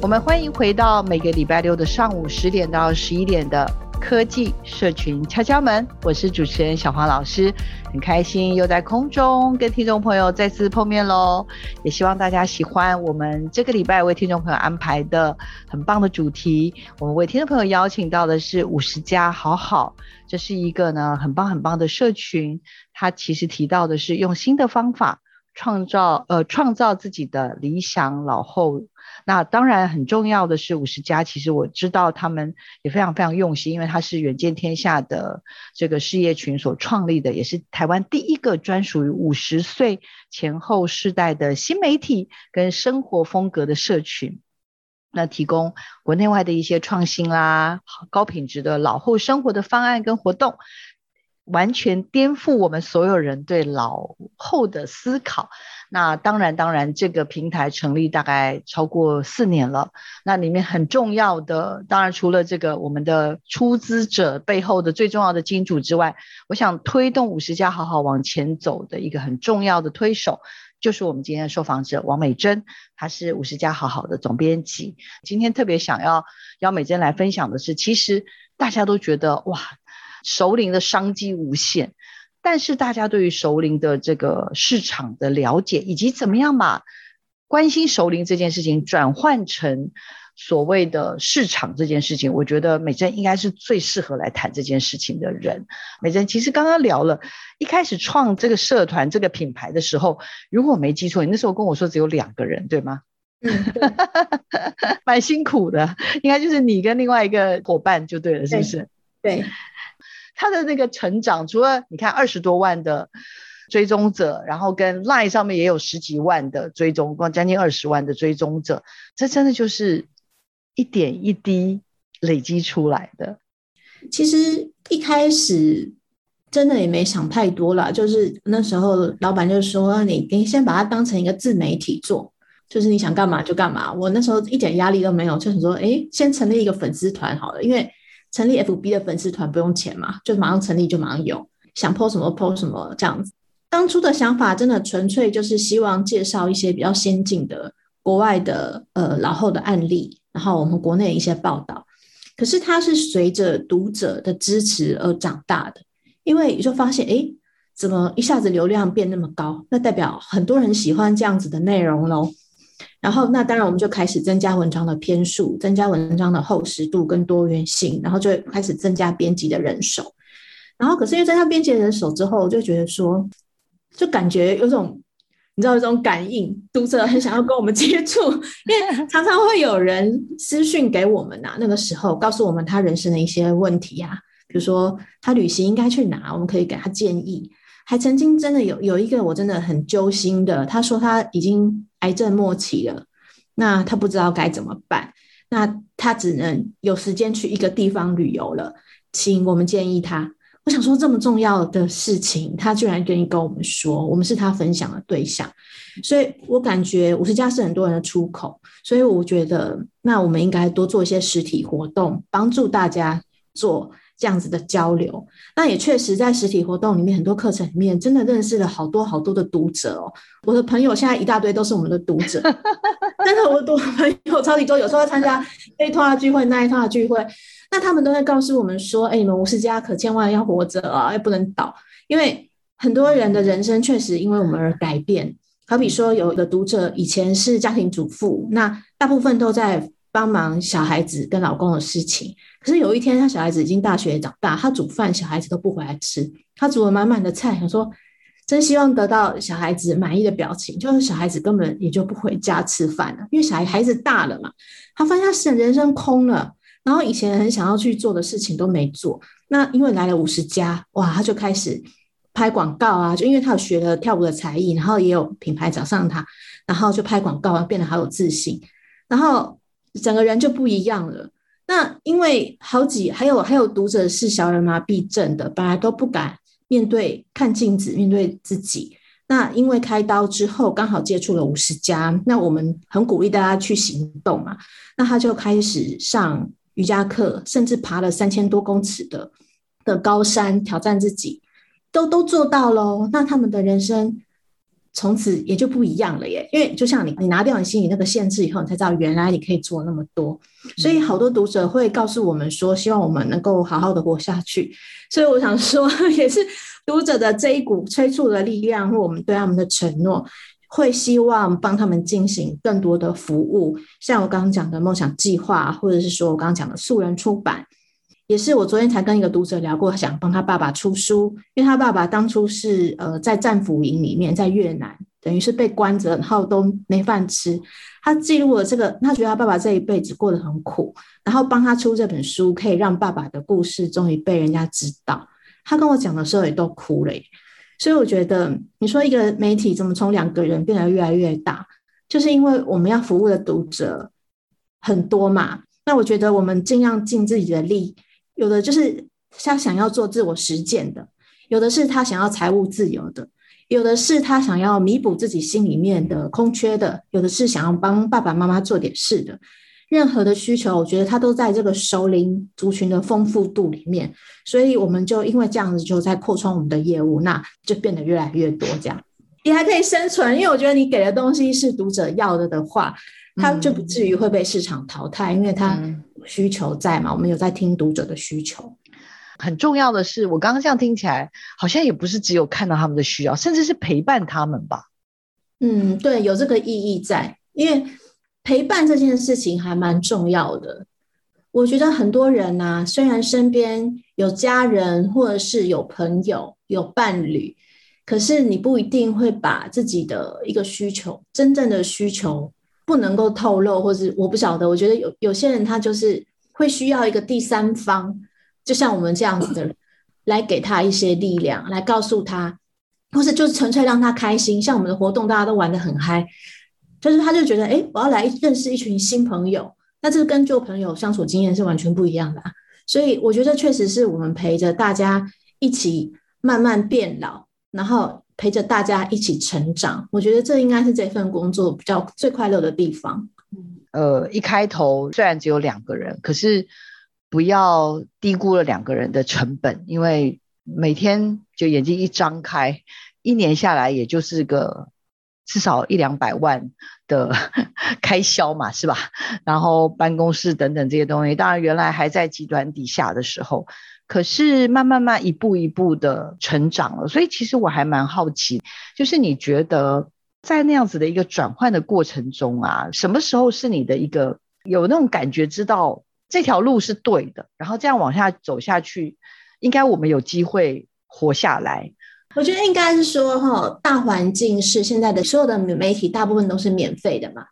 我們歡迎回到每個禮拜六的上午十點到十一點的科技社群敲敲門，我是主持人小黃老師，很開心又在空中跟聽眾朋友再次碰面嘍！也希望大家喜歡我們這個禮拜為聽眾朋友安排的很棒的主題。我們為聽眾朋友邀請到的是 50+ 好好，這是一個呢很棒很棒的社群，它其實提到的是用新的方法創造呃創造自己的理想老後。那當然很重要的是五十加，其實我知道他們也非常非常用心，因為他是遠見天下的這個事業群所創立的，也是台灣第一個專屬於五十歲前後世代的新媒體跟生活風格的社群。那提供國內外的一些創新啦、啊，高品質的老後生活的方案跟活動。完全顛覆我們所有人對老後的思考。那當然，當然，這個平台成立大概超過四年了。那裡面很重要的，當然除了這個我們的出資者背後的最重要的金主之外，我想推動 50+ 好好往前走的一個很重要的推手，就是我們今天的受訪者王美珍，她是 50+ 好好的總編輯。今天特別想要邀美珍來分享的是，其實大家都覺得哇。熟齡的商機無限，但是大家對於熟齡的這個市場的了解以及怎麼樣把，關心熟齡這件事情轉換成所謂的市場這件事情，我覺得美珍應該是最適合來談這件事情的人。美珍，其實剛剛聊了一開始創這個社團這個品牌的時候，如果我沒記錯，你那時候跟我說只有兩個人對嗎？嗯、 蠻辛苦的，應該就是你跟另外一個夥伴就對了對，是不是？對。他的那個成長，除了你看二十多萬的追蹤者，然後跟 Line 上面也有十幾萬的追蹤，光將近二十萬的追蹤者，這真的就是一點一滴累積出來的。其實一開始真的也沒想太多了，就是那時候老板就說：“你你先把它當成一個自媒體做，就是你想幹嘛就幹嘛。”我那時候一點壓力都沒有，就是說：“哎，先成立一個粉絲團好了，因為。”成立 FB 的粉絲團不用錢嘛，就馬上成立，就馬上有，想 post 什麼 post 什麼這樣子。當初的想法真的純粹就是希望介紹一些比較先進的國外的呃老後的案例，然後我們國內一些報道。可是它是隨着讀者的支持而長大的，因為你就發現，哎、欸，怎麼一下子流量變那麼高？那代表很多人喜歡這樣子的內容嘍。然後，那當然，我們就開始增加文章的篇數，增加文章的厚實度跟多元性，然後就開始增加編輯的人手。然後，可是因為增加編輯的人手之後，我就覺得說，就感覺有種，你知道，有種感應，讀者很想要跟我們接觸，因為常常會有人私訊給我們吶、啊。那個時候，告訴我們他人生的一些問題呀、啊，比如說他旅行應該去哪，我們可以給他建議。還曾經真的有有一個我真的很揪心的，他說他已經。癌症末期了，那他不知道該怎麼辦，那他只能有時間去一個地方旅遊了，請我們建議他。我想說，這麼重要的事情，他居然願意跟我們說，我們是他分享的對象，所以我感覺 50+ 是很多人的出口，所以我覺得那我們應該多做一些實體活動，幫助大家做。這樣子的交流，那也確實在實體活動裡面，很多課程裡面真的認識了好多好多的讀者哦。我的朋友現在一大堆都是我們的讀者， 真的，我的朋友超級多，有時候參加這一套的聚會，那一套的聚會，那他們都會告訴我們說：“哎、欸，你們 50+ 可千萬要活着啊，又、欸、不能倒，因為很多人的人生確實因為我們而改變。好比說，有的讀者以前是家庭主婦，那大部分都在幫忙小孩子跟老公的事情。”可是有一天，他小孩子已經大學長大，他煮飯，小孩子都不回來吃。他煮了滿滿的菜，他說，真希望得到小孩子滿意的表情。就是小孩子根本也就不回家吃飯了，因為小孩孩子大了嘛。他發現是人生空了，然後以前很想要去做的事情都沒做。那因為來了五十+，哇，他就開始拍廣告啊。就因為他有學了跳舞的才藝，然後也有品牌找上他，然後就拍廣告啊，變得好有自信，然後整個人就不一樣了。那因為好幾還有還有讀者是小兒麻痹症的，本來都不敢面對看鏡子面對自己。那因為開刀之後剛好接觸了 50+，那我們很鼓勵大家去行動嘛。那他就開始上瑜伽課，甚至爬了三千多公尺的的高山挑戰自己，都都做到嘍、哦。那他們的人生。從此也就不一樣了耶，因為就像你，你拿掉你心裡那個限制以後，你才知道原來你可以做那麼多。所以好多讀者會告訴我們說，希望我們能夠好好的活下去。所以我想說，也是讀者的這一股催促的力量，或我們對他們的承諾，會希望幫他們進行更多的服務，像我剛剛講的夢想計劃，或者是說我剛剛講的素人出版。也是我昨天才跟一個讀者聊過，想幫他爸爸出書，因為他爸爸當初是呃在戰俘營裡面，在越南，等於是被關着，然後都沒飯吃。他記錄了這個，他覺得他爸爸這一輩子過得很苦，然後幫他出這本書，可以讓爸爸的故事終於被人家知道。他跟我講的時候也都哭了耶，所以我覺得你說一個媒體怎麼從兩個人變得越來越大，就是因為我們要服務的讀者很多嘛。那我覺得我們盡量盡自己的力。有的就是他想要做自我實踐的，有的是他想要財務自由的，有的是他想要彌補自己心裡面的空缺的,有的是想要幫爸爸媽媽做點事的。任何的需求，我覺得他都在這個熟齡族群的豐富度裡面。所以我們就因為這樣子，就在擴充我們的業務，那就變得越來越多。這樣你還可以生存，因為我覺得你給的東西是讀者要的的話。他就不至於會被市場淘汰、嗯，因為他需求在嘛、嗯。我們有在聽讀者的需求。很重要的是，我剛剛這樣聽起來，好像也不是只有看到他們的需要，甚至是陪伴他們吧。嗯，對，有這個意義在，因為陪伴這件事情還蠻重要的。我覺得很多人呢、啊，雖然身邊有家人，或者是有朋友、有伴侶，可是你不一定會把自己的一個需求，真正的需求。不能夠透露，或是我不曉得。我覺得有有些人他就是會需要一個第三方，就像我們這樣子的人，來給他一些力量，來告訴他，或是就是純粹讓他開心。像我們的活動，大家都玩得很嗨，就是他就覺得，誒，欸，我要來認識一群新朋友。那這個跟舊朋友相處經驗是完全不一樣的啊，所以我覺得確實是我們陪着大家一起慢慢變老，然後。陪着大家一起成長，我覺得這應該是這份工作比較最快樂的地方。呃，一開頭雖然只有兩個人，可是不要低估了兩個人的成本，因為每天就眼睛一張開，一年下來也就是個至少一兩百萬的開銷嘛，是吧？然後辦公室等等這些東西，當然原來還在集團底下的時候。可是慢慢慢慢一步一步的成長了，所以其實我還蠻好奇，就是你覺得在那樣子的一個轉換的過程中啊，什麼時候是你的一個有那種感覺，知道這條路是對的，然後這樣往下走下去，應該我們有機會活下來？我覺得應該是說哈、哦，大環境是現在的所有的媒體大部分都是免費的嘛，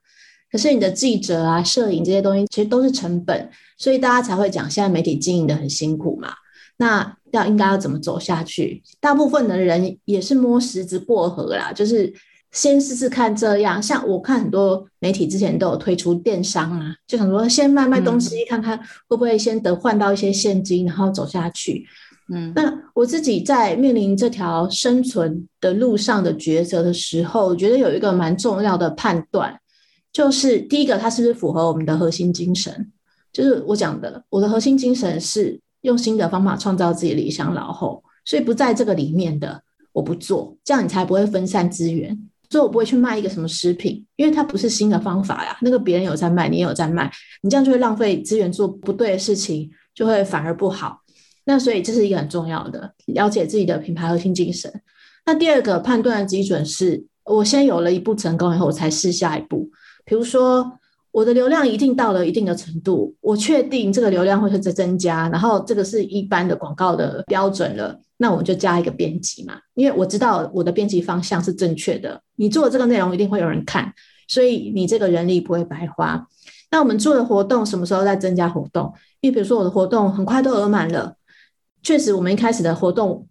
可是你的記者啊、攝影這些東西其實都是成本，所以大家才會講現在媒體經營得很辛苦嘛。那要應該要怎麼走下去？大部分的人也是摸石子過河啦，就是先試試看這樣。像我看很多媒體之前都有推出電商啊，就很多先賣賣東西，看看會不會先得換到一些現金，然後走下去。嗯，那我自己在面臨這條生存的路上的抉擇的時候，我覺得有一個蠻重要的判斷，就是第一個，它是不是符合我們的核心精神？就是我講的，我的核心精神是。用新的方法創造自己的理想老後，所以不在這個裡面的我不做，這樣你才不會分散資源。所以我不會去賣一個什麼食品，因為它不是新的方法呀，那個別人有在賣，你也有在賣，你這樣就會浪費資源做不對的事情，就會反而不好。那所以這是一個很重要的了解自己的品牌核心精神。那第二個判斷的基準是我先有了一步成功以後，我才試下一步。比如說。我的流量一定到了一定的程度，我確定這個流量會是在增加，然後這個是一般的廣告的標準了，那我們就加一個編輯嘛，因為我知道我的編輯方向是正確的，你做這個內容一定會有人看，所以你這個人力不會白花。那我們做的活動什麼時候在增加活動？因為比如說我的活動很快都額滿了，確實我們一開始的活動。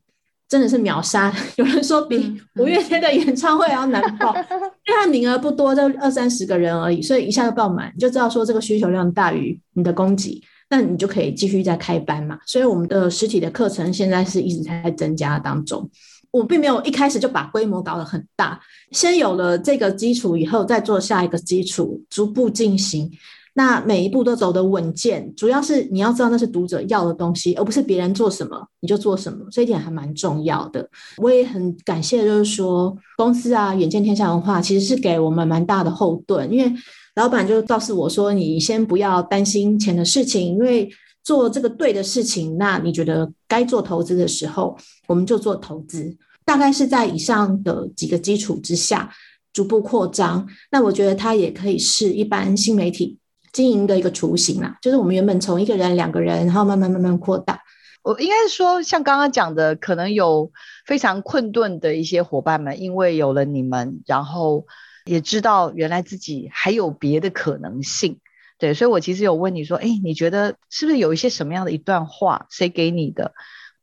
真的是秒殺，有人說比五月天的演唱會還要難報， 因為它名額不多，就二三十個人而已，所以一下就爆滿，你就知道說這個需求量大於你的供給，那你就可以繼續再開班嘛。所以我們的實體的課程現在是一直在增加的當中，我並沒有一開始就把規模搞得很大，先有了這個基礎以後再做下一個基礎，逐步進行。那每一步都走得穩健，主要是你要知道那是讀者要的東西，而不是別人做什麼你就做什麼，這一點還蠻重要的。我也很感謝，就是說公司啊，遠見天下文化其實是給我們蠻大的後盾，因為老板就告訴我說，你先不要擔心錢的事情，因為做這個對的事情，那你覺得該做投資的時候，我們就做投資。大概是在以上的幾個基礎之下，逐步擴張。那我覺得它也可以是一般新媒體。經營的一個雛形啦、啊，就是我們原本從一個人、兩個人，然後慢慢慢慢擴大。我應該說，像剛剛講的，可能有非常困頓的一些夥伴們，因為有了你們，然後也知道原來自己還有別的可能性。對，所以我其實有問你說，哎，你覺得是不是有一些什麼樣的一段話，誰給你的，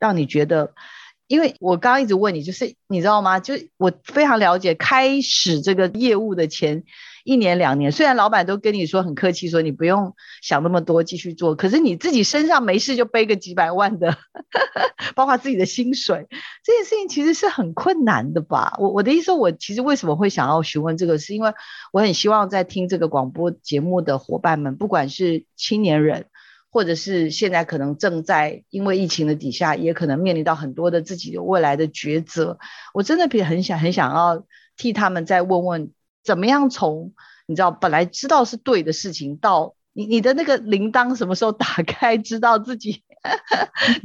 讓你覺得？因為我剛剛一直問你，就是你知道嗎？就我非常了解，開始這個業務的前。一年兩年，雖然老闆都跟你說很客氣，說你不用想那麼多，繼續做。可是你自己身上沒事就背個幾百萬的，包括自己的薪水，這件事情其實是很困難的吧？我我的意思，我其實為什麼會想要詢問這個，是因為我很希望在聽這個廣播節目的伙伴們，不管是青年人，或者是現在可能正在因為疫情的底下，也可能面臨到很多的自己未來的抉擇，我真的很想很想要替他們再問問。怎麼樣從你知道本來知道是對的事情，到你你的那個鈴鐺什麼時候打開，知道自己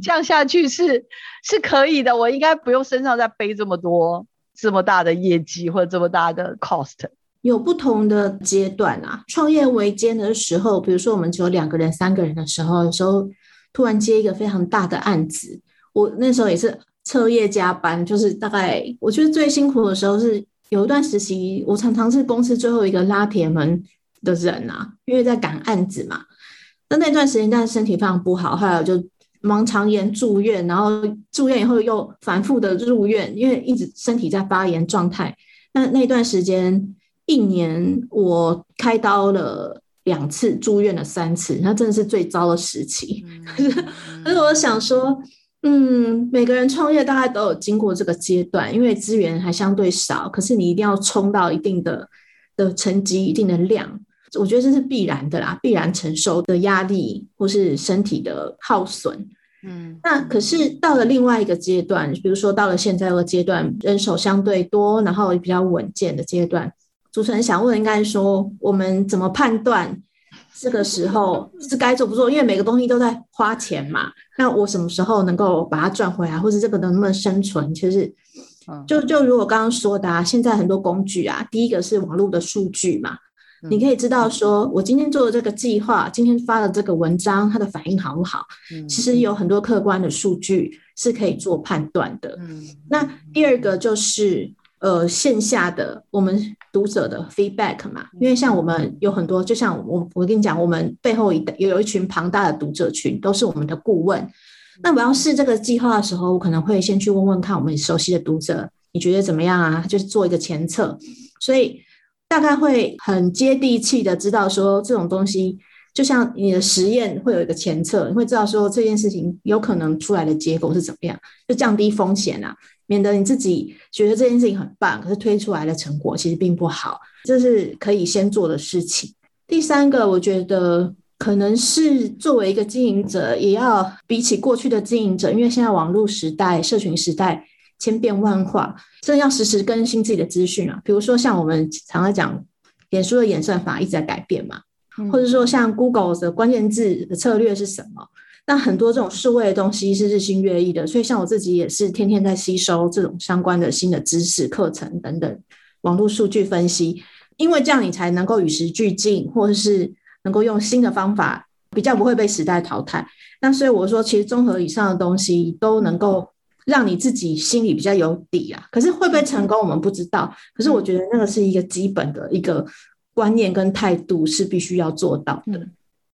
這 樣下去是是可以的，我應該不用身上再背這麼多這麼大的業績或者這麼大的 cost。有不同的階段啊，創業維艱的時候，比如說我們只有兩個人、三個人的時候，有時候突然接一個非常大的案子，我那時候也是徹夜加班，就是大概我覺得最辛苦的時候是。有一段時期，我常常是公司最後一個拉鐵門的人啊，因為在趕案子嘛。那那段時間，但是身體非常不好，後來我就盲腸炎住院，然後住院以後又反覆的入院，因為一直身體在發炎狀態。那那段時間，一年我開刀了兩次，住院了三次，那真的是最糟的時期。可、嗯、 是我想說。嗯，每個人創業大概都有經過這個階段，因為資源還相對少，可是你一定要衝到一定的的成績、一定的量，我覺得這是必然的啦，必然承受的壓力或是身體的耗損。嗯，那可是到了另外一個階段，比如說到了現在的階段，人手相對多，然後比較穩健的階段，主持人想問，應該說我們怎麼判斷？這個時候是該做不做，因為每個東西都在花錢嘛、嗯。那我什麼時候能夠把它賺回來，或者這個能不能生存，其實就就如我剛剛說的、啊，現在很多工具啊，第一個是網絡的數據嘛，嗯、你可以知道說我今天做的這個計劃，嗯、今天發的這個文章，它的反應好不好、嗯。其實有很多客觀的數據是可以做判斷的。嗯、那第二個就是。呃，線下的我們讀者的 feedback 嘛，因為像我們有很多，就像我我跟你講，我們背後一也有一群龐大的讀者群，都是我們的顧問。那我要試這個計劃的時候，我可能會先去問問看我們熟悉的讀者，你覺得怎麼樣啊？就是做一個前測，所以大概會很接地氣的知道說這種東西。就像你的實驗會有一個前測，你會知道說這件事情有可能出來的結果是怎麼樣，就降低風險啊，免得你自己覺得這件事情很棒，可是推出來的成果其實並不好，這是可以先做的事情。第三個，我覺得可能是作為一個經營者，也要比起過去的經營者，因為現在網絡時代、社群時代千變萬化，真的要時時更新自己的資訊啊。比如說，像我們常常講，臉書的演算法一直在改變嘛。或者說像 Google 的關鍵字的策略是什麼？那很多這種數位的東西是日新月異的，所以像我自己也是天天在吸收這種相關的新的知識、課程等等。網絡數據分析，因為這樣你才能夠與時俱進，或者是能夠用新的方法，比較不會被時代淘汰。那所以我說，其實綜合以上的東西，都能夠讓你自己心裡比較有底啊。可是會不會成功，我們不知道。可是我覺得那個是一個基本的一個。觀念跟態度是必須要做到的。嗯，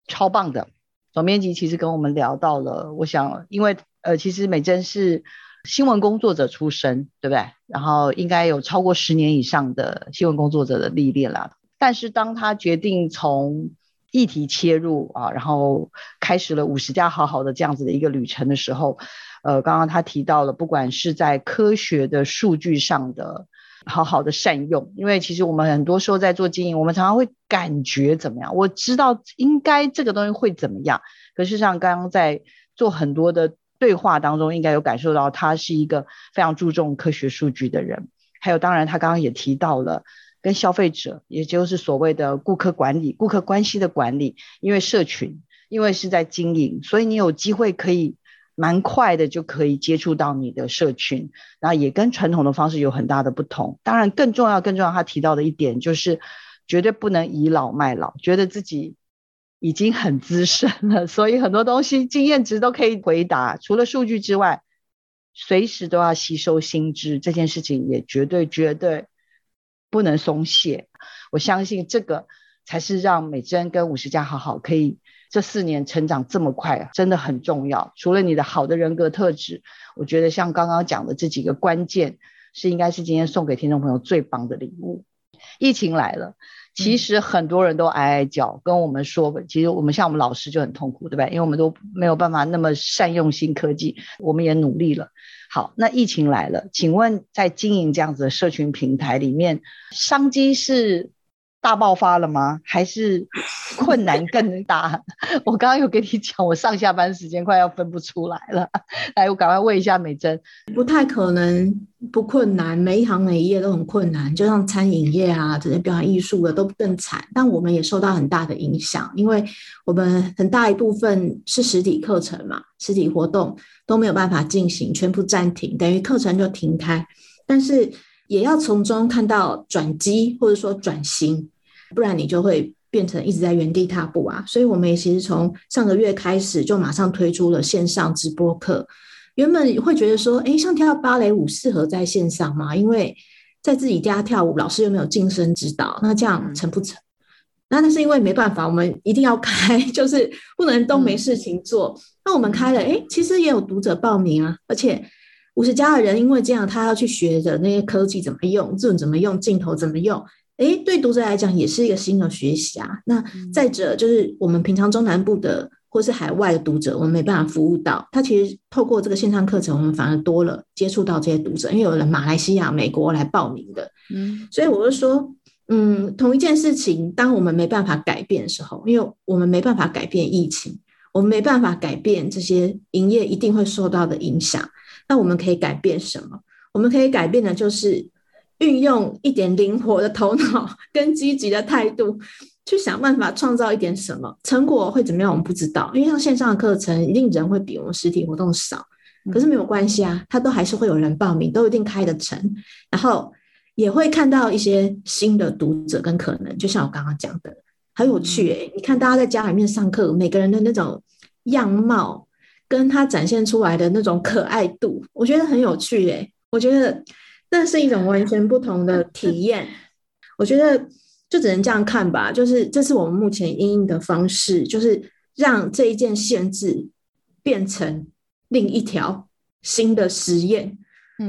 超棒的。總編輯其實跟我們聊到了，我想，因為呃，其實美珍是新聞工作者出身，對不對？然後應該有超過十年以上的新聞工作者的歷練了。但是，當他決定從議題切入啊，然後開始了 50+ 好好的這樣子的一個旅程的時候，呃，剛剛他提到了，不管是在科學的數據上的。好好的善用，因為其實我們很多時候在做經營，我們常常會感覺怎麼樣？我知道應該這個東西會怎麼樣，可是像剛剛在做很多的對話當中，應該有感受到他是一個非常注重科學數據的人。還有，當然他剛剛也提到了跟消費者，也就是所謂的顧客管理、顧客關係的管理，因為社群，因為是在經營，所以你有機會可以。蠻快的就可以接觸到你的社群，然後也跟傳統的方式有很大的不同。當然，更重要、更重要，他提到的一點就是，絕對不能倚老賣老，覺得自己已經很資深了，所以很多東西經驗值都可以回答。除了數據之外，隨時都要吸收新知，這件事情也絕對、絕對不能鬆懈。我相信這個才是讓美珍跟 50+ 好好可以。這四年成長這麼快啊，真的很重要。除了你的好的人格特質，我覺得像剛剛講的這幾個關鍵，是應該是今天送給聽眾朋友最棒的禮物。疫情來了，其實很多人都哀哀叫，跟我們說、嗯，其實我們像我們老師就很痛苦，對吧？因為我們都沒有辦法那麼善用新科技，我們也努力了。好，那疫情來了，請問在經營這樣子的社群平台裡面，商機是？大爆發了嗎？還是困難更大？ 我剛剛有跟你講，我上下班時間快要分不出來了。來，我趕快問一下美珍，不太可能不困難，每一行每一業都很困難，就像餐飲業啊，這些表演藝術的都更慘。但我們也受到很大的影響，因為我們很大一部分是實體課程嘛，實體活動都沒有辦法進行，全部暫停，等於課程就停開。但是也要從中看到轉機，或者說轉型，不然你就會變成一直在原地踏步啊。所以我們也其實從上個月開始就馬上推出了線上直播課。原本會覺得說，哎、欸，像跳芭蕾舞適合在線上嗎？因為在自己家跳舞，老師又沒有近身指導，那這樣成不成？那、嗯、那是因為沒辦法，我們一定要開，就是不能都沒事情做。嗯、那我們開了，哎、欸，其實也有讀者報名啊，而且。五十加的人，因為這樣，他要去學的那些科技怎麼用，字怎麼用，鏡頭怎麼用，哎、欸，對讀者來講也是一個新的學習啊。那再者，就是我們平常中南部的或是海外的讀者，我們沒辦法服務到。他其實透過這個線上課程，我們反而多了接觸到這些讀者，因為有了馬來西亞、美國來報名的。嗯，所以我就說，嗯，同一件事情，當我們沒辦法改變的時候，因為我們沒辦法改變疫情，我們沒辦法改變這些營業一定會受到的影響。那我們可以改變什麼？我們可以改變的就是運用一點靈活的頭腦跟積極的態度，去想辦法創造一點什麼成果會怎麼樣？我們不知道，因為像線上的課程，一定人會比我們實體活動少，可是沒有關係啊，它都還是會有人報名，都一定開得成，然後也會看到一些新的讀者跟可能，就像我剛剛講的，很有趣誒、欸。你看大家在家裡面上課，每個人的那種樣貌。跟他展現出來的那種可愛度，我覺得很有趣欸，我覺得那是一種完全不同的體驗。我覺得就只能這樣看吧，就是這是我們目前因應的方式，就是讓這一件限制變成另一條新的實驗。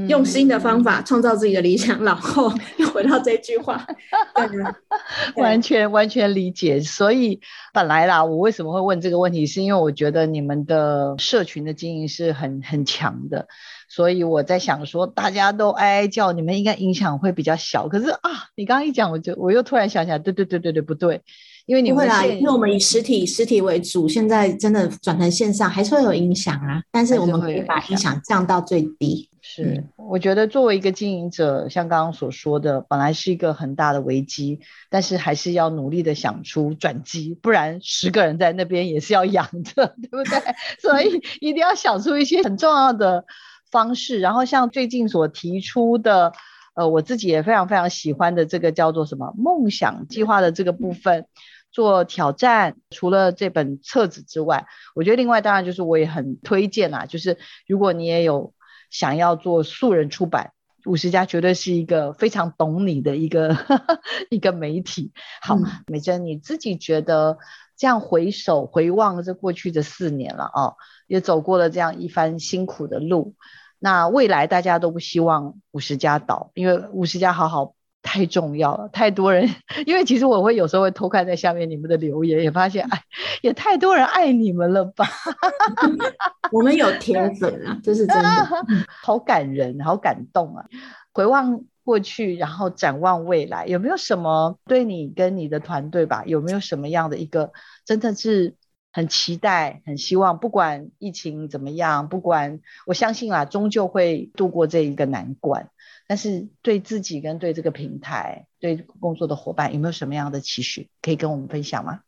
用新的方法創造自己的理想，嗯，然後又回到這句話， 對吧 完全完全理解。所以本來啦，我為什麼會問這個問題？是因為我覺得你們的社群的經營是很很強的，所以我在想說，大家都哀哀叫，你們應該影響會比較小。可是啊，你剛剛一講，我就我又突然想起來，對對對對對，不對。因為你會來，因為我們以實體實體為主，現在真的轉成線上，還是會有影響啊。但是我們可以把影響降到最低是、嗯。是，我覺得作為一個經營者，像剛剛所說的，本來是一個很大的危機，但是還是要努力的想出轉機，不然十個人在那邊也是要養著，對不對？ 所以一定要想出一些很重要的方式。然後像最近所提出的。呃，我自己也非常非常喜歡的這個叫做什麼夢想計劃的這個部分、嗯，做挑戰。除了這本冊子之外，我覺得另外當然就是我也很推薦啊，就是如果你也有想要做素人出版，五十加絕對是一個非常懂你的一個 一個媒體。好，嗯、美珍你自己覺得這樣回首回望這過去的四年了啊、哦，也走過了這樣一番辛苦的路。那未來大家都不希望五十加倒，因為五十加好好太重要了，太多人。因為其實我會有時候會偷看在下面你們的留言，也發現哎，也太多人愛你們了吧？ 我們有鐵粉啊， 這是真的、 嗯，好感人，好感動啊！回望過去，然後展望未來，有沒有什麼對你跟你的團隊吧？有沒有什麼樣的一個真的是？很期待，很希望，不管疫情怎麼樣，不管我相信啦，終究會度過這一個難關。但是對自己跟對這個平台、對工作的夥伴，有沒有什麼樣的期許可以跟我們分享嗎？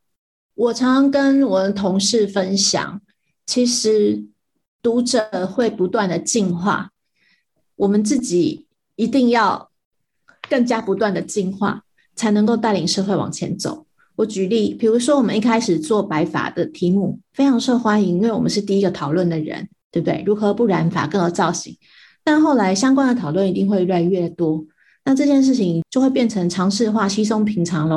我常常跟我的同事分享，其實讀者會不斷的進化，我們自己一定要更加不斷的進化，才能夠帶領社會往前走。我舉例，比如說我們一開始做白髮的題目非常受歡迎，因為我們是第一個討論的人，對不對？如何不染髮，更有造型。但後來相關的討論一定會越來越多，那這件事情就會變成常識化、稀鬆平常嘍，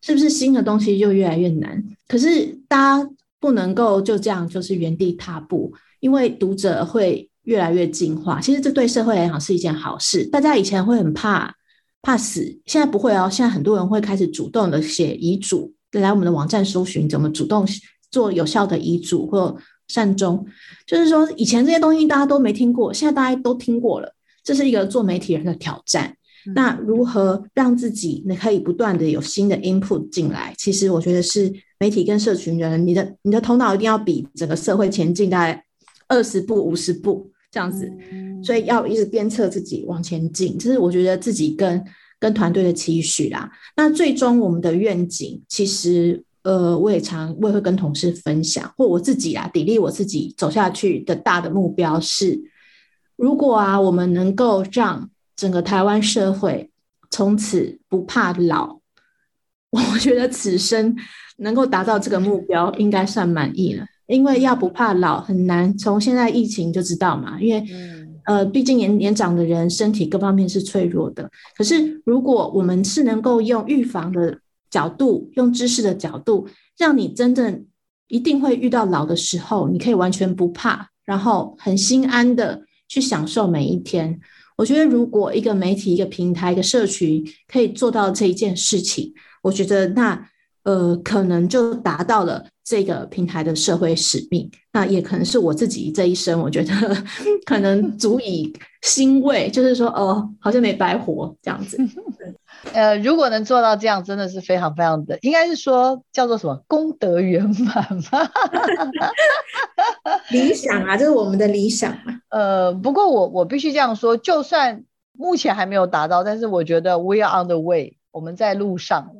是不是新的東西就越來越難？可是大家不能夠就這樣就是原地踏步，因為讀者會越來越進化。其實這對社會來講是一件好事。大家以前會很怕。怕死，現在不會哦。現在很多人會開始主動的寫遺囑，來我們的網站搜尋怎麼主動做有效的遺囑或善終。就是說，以前這些東西大家都沒聽過，現在大家都聽過了。這是一個做媒體人的挑戰。嗯。那如何讓自己你可以不斷的有新的 input 進來？其實我覺得是媒體跟社群人，你的你的頭腦一定要比整個社會前進大概二十步、五十步。這樣子，所以要一直鞭策自己往前進，這、就是我覺得自己跟跟團隊的期許啦。那最終我們的願景，其實呃，我也常我也會跟同事分享，或我自己啊，砥礪我自己走下去的大的目標是，如果啊，我們能夠讓整個台灣社會從此不怕老，我覺得此生能夠達到這個目標，應該算滿意了。因為要不怕老很難，從現在疫情就知道嘛。因為，呃，畢竟年年長的人身體各方面是脆弱的。可是，如果我們是能夠用預防的角度，用知識的角度，讓你真正一定會遇到老的時候，你可以完全不怕，然後很心安的去享受每一天。我覺得，如果一個媒體、一個平台、一個社群可以做到這一件事情，我覺得那呃，可能就達到了。這個平台的社會使命，那也可能是我自己這一生，我覺得可能足以欣慰， 就是說，哦，好像沒白活這樣子。呃，如果能做到這樣，真的是非常非常的，應該是說叫做什麼功德圓滿吧？ 理想啊，這是我們的理想啊。呃，不過我我必須這樣說，就算目前還沒有達到，但是我覺得 we are on the way，我們在路上。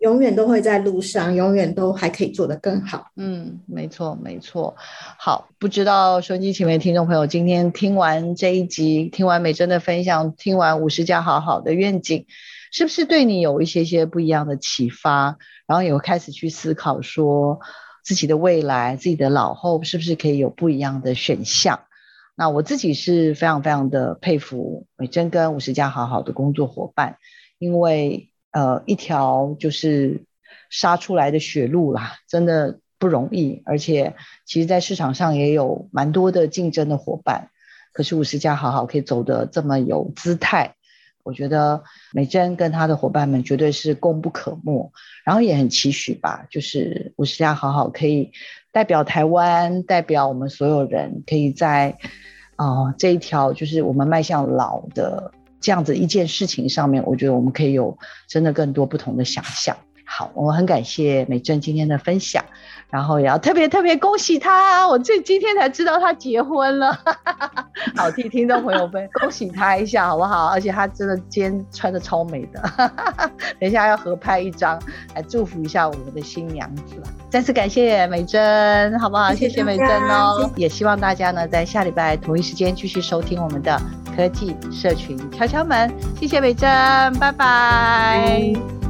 永遠都會在路上，永遠都還可以做得更好。嗯，沒錯，沒錯。好，不知道收音機前面的聽眾朋友今天聽完這一集，聽完美珍的分享，聽完 50+ 好好的願景，是不是對你有一些些不一樣的啟發？然後也會開始去思考，說自己的未來、自己的老後，是不是可以有不一樣的選項？那我自己是非常非常的佩服美珍跟 50+ 好好的工作夥伴，因為，呃，一條就是殺出來的血路啦，真的不容易。而且，其實，在市場上也有蠻多的競爭的夥伴。可是，五十加好好可以走得這麼有姿態，我覺得美珍跟他的夥伴們絕對是功不可沒。然後，也很期許吧，就是五十加好好可以代表台灣，代表我們所有人，可以在啊、呃、這一條就是我們邁向老的。這樣子一件事情上面，我覺得我們可以有真的更多不同的想象。好，我很感謝美珍今天的分享，然後也要特別特別恭喜她、啊，我這今天才知道她結婚了， 好替聽眾朋友們恭喜她一下好不好？而且她真的今天穿得超美的， 等一下要合拍一張來祝福一下我們的新娘子，再次感謝美珍，好不好？謝謝,謝,謝,謝,謝美珍哦，也希望大家呢在下禮拜同一時間繼續收聽我們的科技社群敲敲門，謝謝美珍，拜拜。嗯